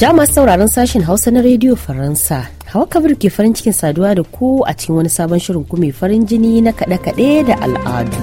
Jama'a sauraron sashen Hausa na Radio Faransa. Hawa kabir ke farin cikin saduwa da ku a cikin wani sabon shirin ku mai farin jini na kaɗe-kaɗe da al'adu.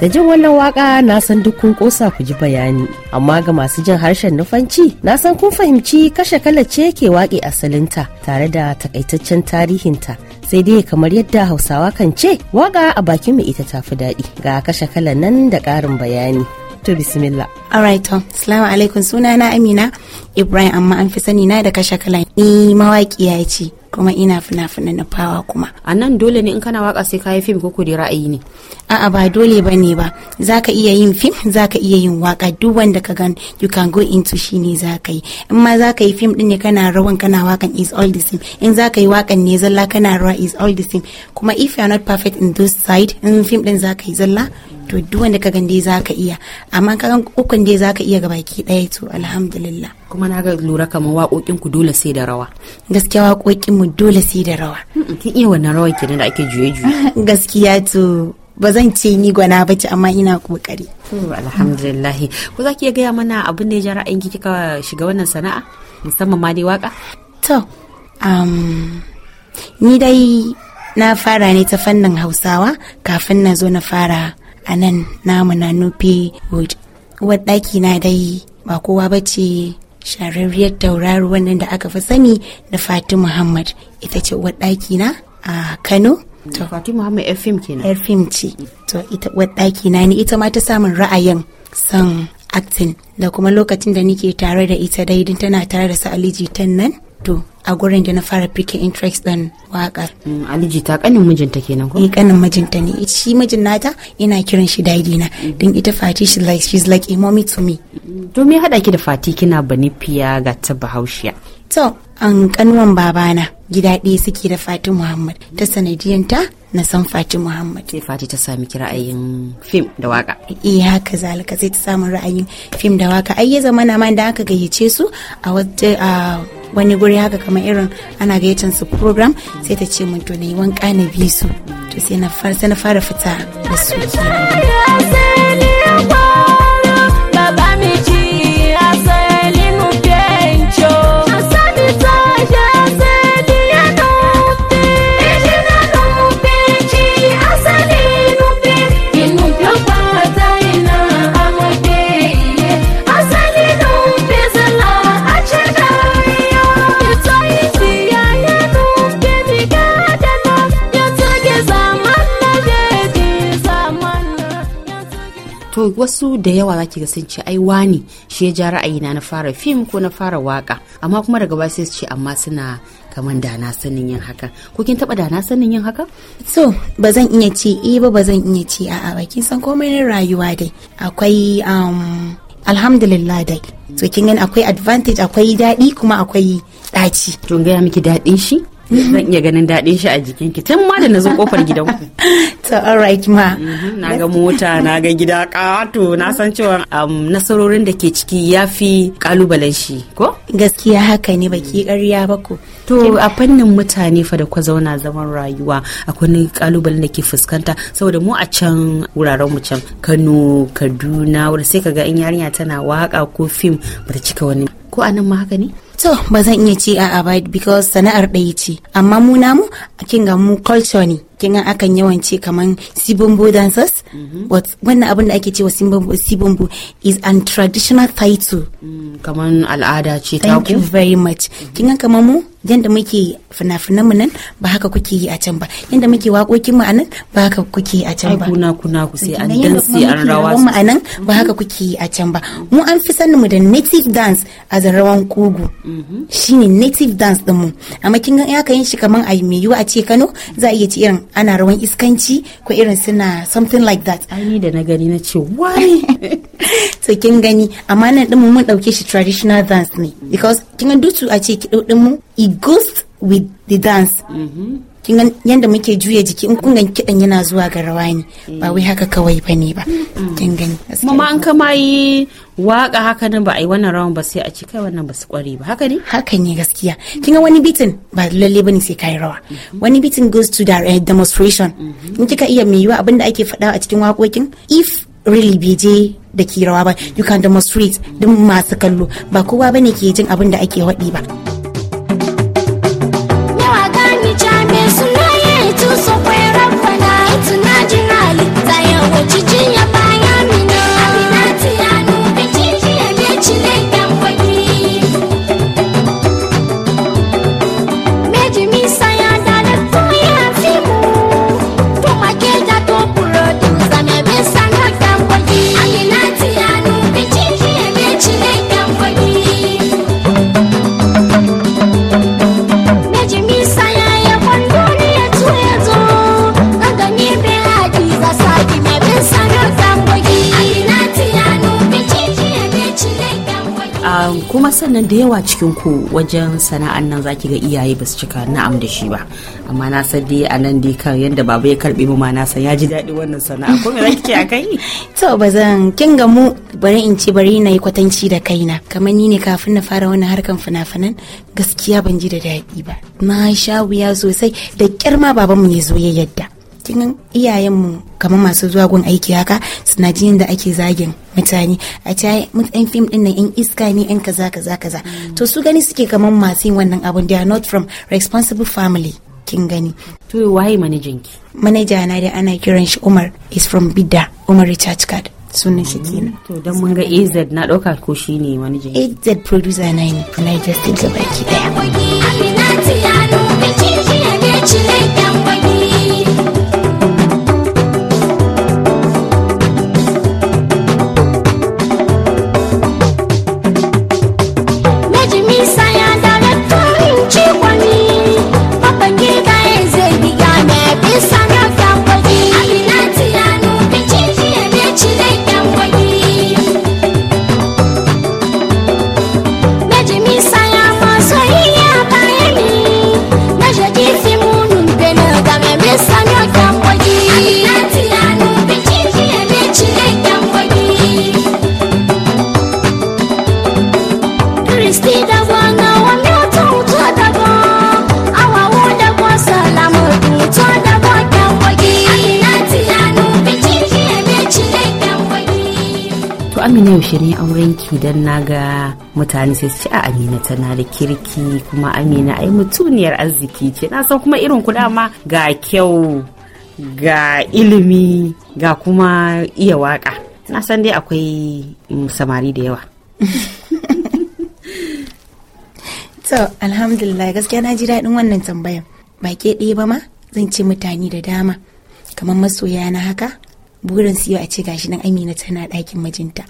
Da jin wannan waka na san duk kun kosa ku ji bayani, amma ga masu jin harshen nufanci na san kun fahimci kashe kala ce ke waƙe asalinta tare da takaitaccen tarihinta. sai dai kamar yadda hausawa kan ce waƙa a bakin mai ita tafi daɗi ga kashe kala nan da ƙarin bayani to bismillah alright alaikum suna na amina ibrahim amma an fi sani na da kashe kala ni mawaƙiya ce kuma ina fina-finan pawa kuma a nan dole ne in kana waka sai ka yi fim ko kudi ra'ayi ne a'a ba dole ba ne ba za ka iya yin fim za ka iya yin waka duk wanda ka gan you can go into shi ne za ka yi in ma ka yi fim din ne kana rawan kana wakan is all the same in za ka yi wakan ne zalla kana rawa is all the same kuma if you are not perfect in those side in fim din za ka yi zalla to duk wanda ka gande za ka iya amma ka gan ukun dai za ka iya ga baki ɗaya to alhamdulillah kuma na ga lura kamar waƙoƙin ku dole sai da rawa gaskiya waƙoƙin mu dole sai da rawa kin iya wannan rawa kenan da ake juye juye gaskiya to ba zan ce ni gwana ba ce amma ina kokari alhamdulillah ko za ki iya gaya mana abin da ya ja ra'ayinki kika shiga wannan sana'a musamman ma dai waka to um, ni dai na fara ne ta fannin hausawa kafin na zo na fara a nan namu na nufi wood ɗaki na dai ba kowa ba ce shararriyar tauraro wannan da aka fi sani da fatima Muhammad ita ce ɗaki na a Kano. fatima Muhammad yar fim ke Yar fim ce. To ita ɗaki na ne ita ma ta samun ra'ayin son acting da kuma lokacin da nike tare da ita dai daidin tana tare da su Aliji nan to a gurin da na fara picking interest din wakar. Mm, Aliji ta kanin mijinta kenan ko? Eh kanin mijinta ne. Shi mijin nata ina kiran shi daddy na. Mm. Din ita Fati she like she's like a mommy to me. Mm, to me hada ki da Fati kina fiya ga ta Bahaushiya. To an kanuwan babana gida ɗaya suke da Fati Muhammad ta sanadiyanta na san Fati Muhammad. Sai Fati ta sami ra'ayin fim da waka. Eh haka zalika sai ta samu ra'ayin fim da waka. Ai ya zama na ma da aka gayyace su a wata wani guri haka kamar irin ana gayyatar su program sai ta ce mun to na yi wanka na bi su to sai na fara fita da su kenan wasu da yawa zaki ga sun ce ai wani shi ya ja ra'ayina na fara fim ko na fara waka amma kuma daga baya sai su ce amma suna kamar da na sanin yin haka ko kin taba da na sanin yin haka so ba zan iya ce eh ba ba zan iya ce a'a ba kin san komai na rayuwa dai akwai um, alhamdulillah dai to kin gani akwai advantage akwai daɗi kuma akwai ɗaci. don gaya miki daɗin shi? zan iya ganin daɗin shi a jikin ki tun ma da na zo kofar gidan ku all alright ma mhm, na ga mota na ga gida ƙato na san cewa um, nasarorin da ke ciki ya fi ƙalubalen shi ko gaskiya haka ne baki ƙarya ba ko to a fannin mutane fa da kwa zauna zaman rayuwa akwai ƙalubalen da ke fuskanta saboda mu a can wuraren mu can Kano Kaduna wanda sai ga in yarinya tana waka ko fim ba ta cika wani ko anan ma haka ne to ba zan iya ce a ba because sana'ar ɗaya ce amma mu namu kin ga mu culture ne kin ga akan yawan ce kaman sibombo dancers mhm. wannan abin da ake cewa sibombo is an traditional title mm, kaman al'ada ce ta thank you very much mhm. kin ga kaman mu yanda muke fina-finan mu nan ba haka kuke yi a can ba yanda muke waƙoƙin mu a nan ba haka kuke yi a can ba kuna kuna ku sai an dance an rawa mu a nan ba haka kuke yi a can ba mu an fi sanin mu da native dance a rawan kugu Shi ne native dance din mu amma kin ga ya yin shi kaman a mai yiwa a ce Kano za a iya ci irin ana rawan iskanci ko irin suna something like that ai da na gani na ce why to kin gani amma nan din mu mun dauke shi traditional dance ne because kin ga dutu a ce ki din mu it goes with the dance mm-hmm. kin yanda muke juya jiki in kungan kidan yana zuwa ga rawa ne ba wai haka kawai bane ba kin gani kuma an kama yi waka haka nan ba a yi wannan rawan ba sai a ci kai wannan ba su kware ba haka ne haka ne gaskiya kin wani bitin ba lalle bane sai kai rawa wani bitin goes to the eh, demonstration mhm. in kika iya mai yiwa abinda ake faɗa a cikin waƙoƙin if really bai je da ki rawa ba you can demonstrate din masu kallo ba kowa bane ke jin abinda ake waɗi ba. nan da yawa cikin ku wajen sana'an nan zaki ga iyaye ba su cika na'am da shi ba amma na san dai a nan dai kan yanda baba ya karbe mu ma na san ya ji daɗi wannan sana'a ko me zaki ce kai to zan kin ga mu bari in ce bari na yi kwatanci da kaina kamar ni ne kafin na fara wannan harkan fina-finan gaskiya ban ji da daɗi ba na sha wuya sosai da kyar ma babanmu ya zo ya yadda kin iyayenmu kamar masu zuwa gun aiki haka suna jin da ake zagin mutane a ce mutan fim din nan in iska ne in kaza kaza kaza to su gani suke kamar masu yin wannan abun they are not from responsible family kin gani to waye manajan ki manaja na da ana kiran shi Umar is from Bidda Umar Richard Card sunan shi kenan to dan mun ga AZ na dauka ko shine manajan AZ producer na ne Niger State gaba ki daya Aminatu ya nuna kishi ya ne cile dan amina yaushe ne auren ki dan na ga mutane sai su ci a amina tana da kirki kuma amina ai mutuniyar arziki ce na san kuma irin ku dama ga kyau ga ilimi ga kuma iya waka na san dai akwai mm, samari da yawa to alhamdulillah gaskiya na ji daɗin wannan tambayan ba ke ɗaya ba ma zan ce mutane da dama kamar masoya na haka burin siyo a ce gashi nan amina tana ɗakin mijinta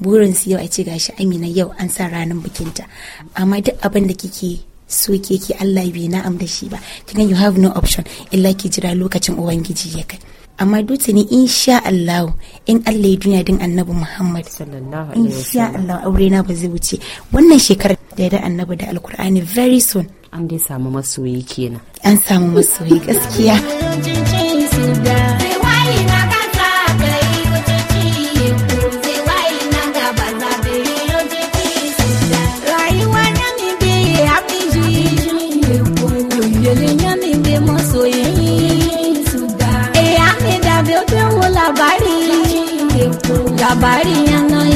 burin su yau a ce gashi amina yau an sa ranar bikinta amma duk abin da kike so keke Allah bai na'am da shi ba kina you have no option illa ki jira lokacin ubangiji ya kai amma dutse ne insha Allah in Allah ya duniya din annabi Muhammad insha Allah aure na ba zai wuce wannan shekarar da da annabi da alkur'ani very soon an dai samu masoyi kenan an samu masoyi gaskiya Sabarinha não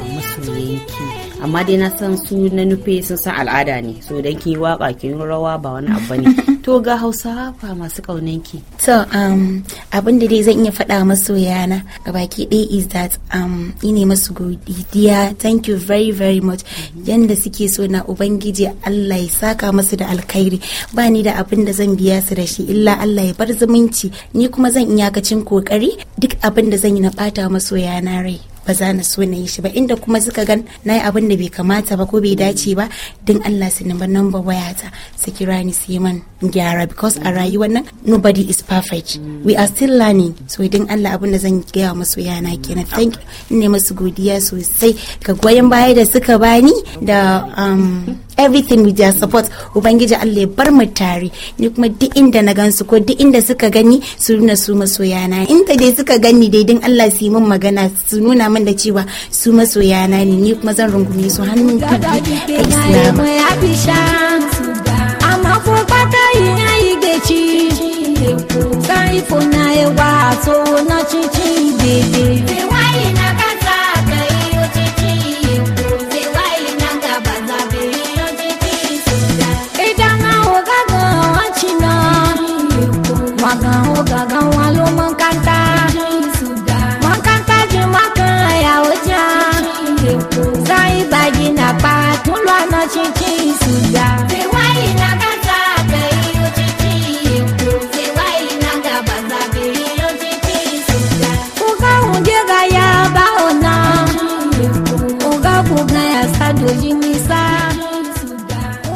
amma dai na san su na nufe sun san al'ada ne so dan ki waka ki rawa ba wani abu ne to ga hausa fa masu kaunan ki to um abin da dai zan iya faɗa masoya na gabaki ɗaya is that um ine masu godiya thank you very very much mm-hmm. yanda suke so na ubangiji Allah ya saka masu da alkhairi ba ni da abin da zan biya su da shi illa Allah ya bar zumunci ni kuma zan iyakacin kokari duk abin da zan yi na bata masoya na rai ba za na so na yi shi ba inda kuma suka gan na yi abin da bai kamata ba ko bai dace ba don Allah su nemi namba ta su kira ni su yi man gyara because a rayuwar nan nobody is perfect we are still learning so don Allah abin da zan gaya musu yana kenan thank you ne masu godiya sosai ga goyon baya da suka bani da um, everything with their support ubangiji Allah ya bar mu tare ni kuma duk inda na gansu ko duk inda suka gani su nuna su masoyana inda dai suka gani daidin Allah su yi min magana su nuna min da cewa su masoyana ne ni kuma zan rungume su hannun kan da Islama amma ba ta yi ayi gaci sai fona yawa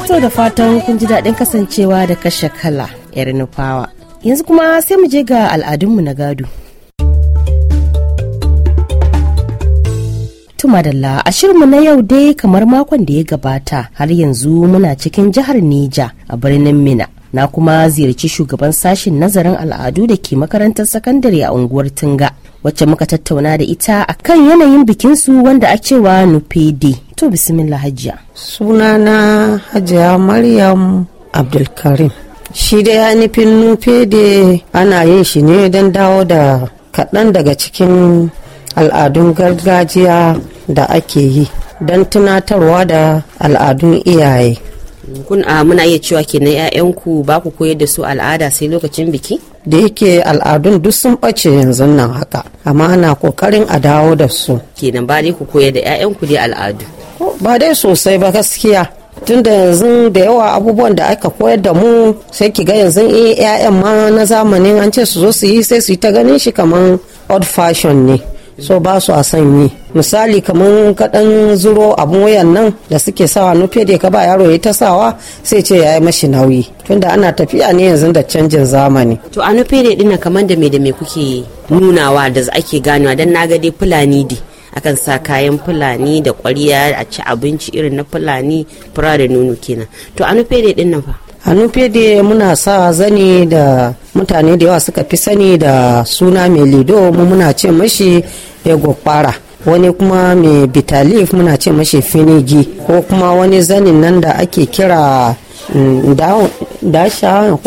To da fatan kun ji daɗin kasancewa da kashe kala yar nufawa. Yanzu kuma sai mu je ga al'adunmu na gado. madalla a shirinmu na yau dai kamar makon da ya gabata har yanzu muna cikin jihar nija a birnin Mina na kuma ziyarci shugaban sashen nazarin al'adu da ke makarantar sakandare a unguwar tunga wacce muka tattauna da ita a kan yanayin bikinsu wanda a cewa nupede to bismillah hajiya sunana hajiya maryam abdulkarim shi dai hanifin nupede ana yin shi ne don dawo da kaɗan daga cikin al'adun gargajiya da ake yi don tunatarwa da al'adun iyaye kun a ah, muna iya cewa kenan 'ya'yanku ba ku koyar da su al'ada sai lokacin biki da yake al'adun duk sun ɓace yanzu nan haka amma ana kokarin a dawo da su kenan ba dai ku koyar da 'ya'yanku dai al'adu ba dai sosai ba gaskiya tunda yanzu da yawa abubuwan da aka koyar da mu sai ki ga yanzu eh 'ya'yan ma na zamanin an ce su zo su yi sai su yi ta ganin shi kamar old fashion ne so ba su a sanyi misali kamar kaɗan zuro abin wayan nan da suke sawa nufe da ka ba yaro ya ta sawa sai ce ya yi mashi nauyi tunda ana tafiya ne yanzu da canjin zamani to a nufe da dina kamar da me da me kuke nunawa da ake ganewa don na ga fulani di akan sa kayan fulani da kwariya a ci abinci irin na fulani fura da nono kenan to a nufe da din nan fa a fede muna sa zani da mutane da yawa suka fi sani da suna mai lido mu muna ce mashi egofara wani kuma mai bitalif muna ce mashi finigi ko kuma wani zanin nan da ake kira mm, dashawa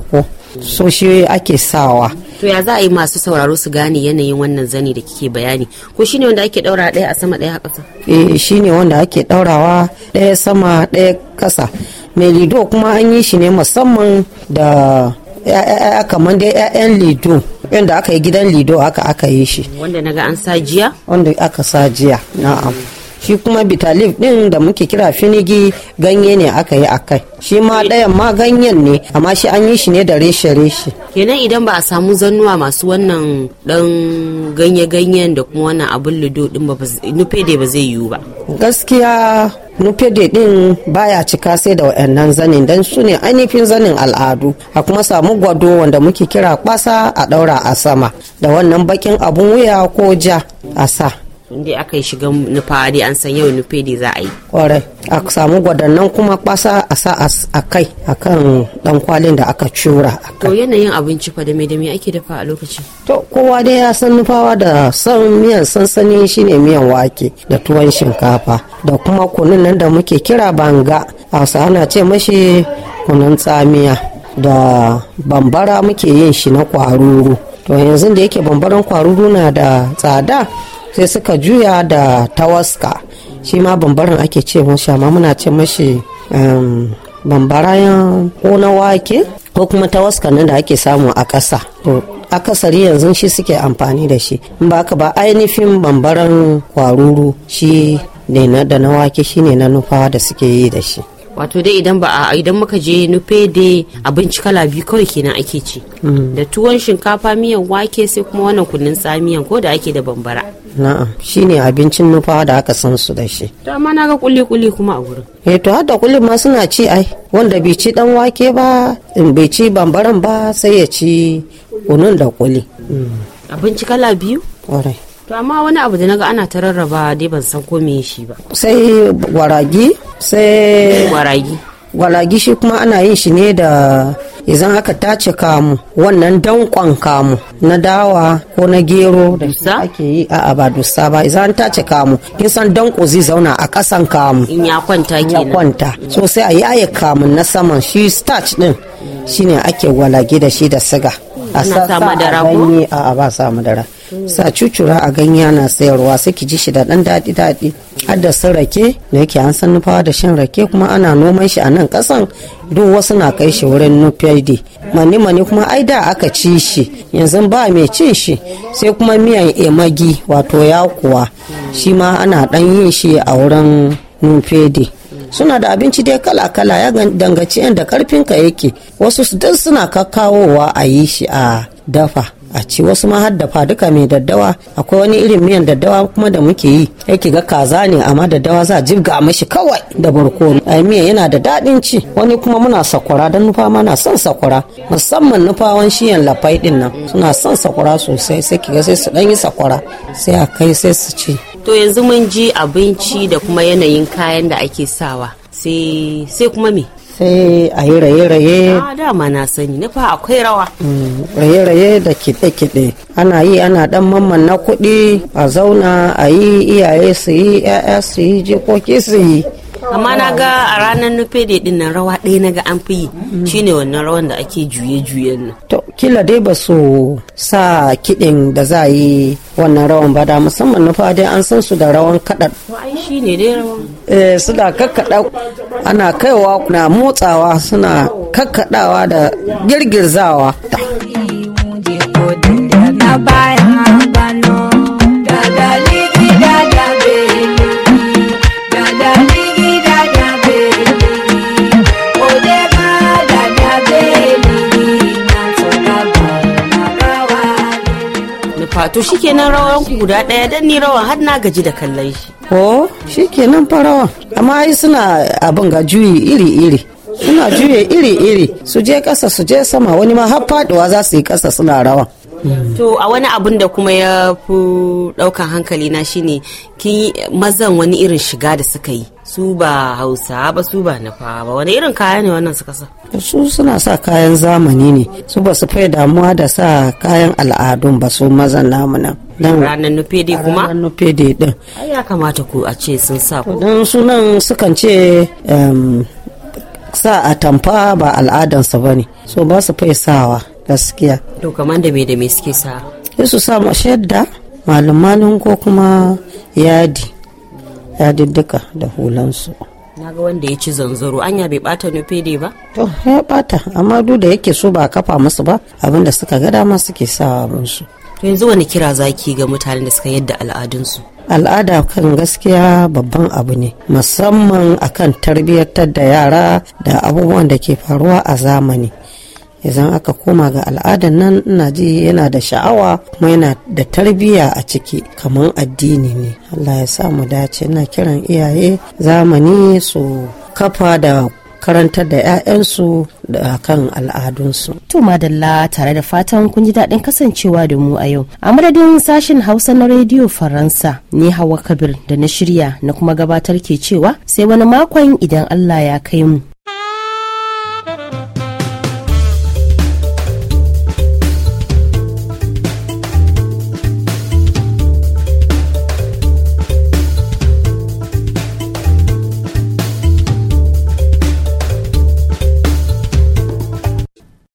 ko so shi ake sawa to ya za a yi masu sauraro su gane yanayin wannan zani da kike bayani ko shi ne wanda ake daura ɗaya a sama ɗaya a ƙasa eh ne wanda ake daurawa ɗaya sama ɗaya ƙasa mai lido kuma an yi shi ne musamman da kamar dai 'ya'yan lido yadda aka yi gidan lido haka aka yi shi wanda naga an sajiya wanda aka sajiya na'am shi kuma bitalif din da muke kira finigi ganye ne aka yi a kai shi ma ɗayan ma ganyen ne amma shi an yi shi ne da reshe reshe kenan idan ba a samu zannuwa masu wannan dan ganye ganyen da kuma wannan abin ludo din ba nufe da ba zai yiwu ba gaskiya nufede din baya cika sai da wayannan zanin dan su ne ainihin zanin al'adu a kuma samu gwado wanda muke kira kwasa a daura a sama da wannan bakin abun wuya ko ja a sa inda aka yi shiga nufa dai an san yau nufe ne za a yi kwarai a samu gwadannan kuma kwasa a sa a kai a kan dan kwalin da aka cura to yanayin abinci fa da me da me ake dafa a lokaci. to kowa dai ya san nufawa da san miyan sansani shine miyan wake da tuwon shinkafa da kuma kunun nan da muke kira banga a wasu ana ce mashi kunun tsamiya da bambara muke yin shi na kwaruru to yanzu da yake bambaran kwaruru na da tsada sai suka juya da tawaska shi ma bambaran ake ce mashi amma muna ce mashi um, bambarayan ko na wake ko kuma tawaska nan da ake samu a ƙasa akasari yanzu shi suke amfani da shi in ba ka ba ainihin bambaran kwaruru shi ne na da na wake shi ne na nufawa da suke yi da shi wato dai idan ba idan muka je nufe da abinci kala biyu kawai kenan ake ci mm. da tuwon shinkafa miyan wake sai kuma wannan kunnin tsamiyan ko da ake da bambara na'am shine abincin nufa da aka san su da shi to amma na ga kulli kulli kuma a wurin eh to har da kuli ma suna ci ai wanda bai ci dan wake ba in bai ci bambaran ba sai ya ci kunun da kulli mm. abinci kala biyu kwarai to amma wani abu da naga ana ta rarraba dai ban san ko meye shi ba sai waragi sai waragi waragi shi kuma ana yin shi ne da idan aka tace kamu wannan dankon kamu na dawa ko na gero da shi ake yi a ba dusa ba idan an tace kamu kin san danko zai zauna a kasan kamu in ya kwanta kenan ya kwanta so sai a yaye kamu na saman shi starch din shine ake walage da shi da siga a sa madara ko a ba sa madara sa cucura a ganye na sayarwa sai ki ji shi da dan daɗi daɗi har da sun rake da yake an san nufawa da shan rake kuma ana noman shi a nan ƙasan duk wasu na kai shi wurin nufaidi mani mani kuma ai da aka ci shi yanzu ba mai cin shi sai kuma miyan emagi wato ya kuwa. shi ma ana ɗan yin shi a wurin nufedi suna da abinci dai kala-kala ya dangaci yadda karfinka yake wasu duk suna kakkawowa a yi shi a dafa a ci wasu ma hadda duka mai daddawa akwai wani irin miyan daddawa kuma da muke yi yake ga kaza ne amma daddawa za a jibga mashi kawai da barkono a miya yana da daɗin ci wani kuma muna sakwara don nufa ma na son sakwara musamman nufawan shiyan lafai din nan suna son sakwara sosai sai ki ga sai su ɗan yi sakwara sai a kai sai su ci to yanzu mun ji abinci da kuma yanayin kayan da ake sawa sai kuma me sai a yi raye-raye a ah, dama na sani nufa akwai rawa mm, raye-raye da kiɗe-kiɗe ana yi ana dan mamman na kuɗi a zauna a yi iyaye su yi 'ya'ya su yi jikoki su yi amma na ga a ranar nufe da din nan rawa ɗaya na ga an fi yi shine wannan rawan da ake juye-juyen nan to kila dai ba su sa kiɗin da za a yi wannan rawan ba da musamman nufa dai an san su da rawan kaɗa shine dai eh, suna kakkaɗa ana kaiwa na motsawa suna kakkaɗawa da girgirzawa na baya wato to shikenan rawan ku guda ɗaya dan ni rawan har na gaji da kallon shi. Oh shikenan fa rawan amma ai suna abin ga juyi iri-iri. Suna juye iri-iri su je ƙasa su je sama wani ma har faɗuwa za su yi ƙasa suna rawan. To a wani abun da kuma ya fi ɗaukan hankali na shine kin mazan wani irin shiga da suka yi. su ba hausa ba su ba nufa ba wani irin kaya ne wannan suka sa su suna sa kayan zamani ne su ba su fai damuwa da sa kayan al'adun ba su mazan namu nan ranar nufe dai kuma ranar nufe dai din ya kamata ku a ce sun sa ku don sunan sukan ce sa a tamfa ba al'adansa ba ne so ba su fai sawa gaskiya to kamar da me da me suke sa su sa shadda malum ko kuma yadi yadiddika da hulansu Na ga wanda ya ci zanzaro anya bai bata nufede ba to ya bata amma duk da yake so ba a kafa musu ba abin da suka ga dama suke sawa musu to yanzu wani kira zaki ga mutanen da suka yadda al'adunsu al'ada kan gaskiya babban abu ne musamman akan tarbiyyar da yara da abubuwan da ke faruwa a zamani idan aka koma ga al'adar nan ina ji yana da sha'awa kuma yana da tarbiyya a ciki kamar addini ne allah ya sa mu dace ina kiran iyaye zamani su kafa da karantar da 'ya'yansu da kan al'adunsu. To madalla tare da fatan kun ji daɗin kasancewa da mu a yau. A madadin sashen Hausa na rediyo Faransa ni Hawa Kabir da na shirya na kuma gabatar ke cewa sai wani makon idan Allah ya kai mu.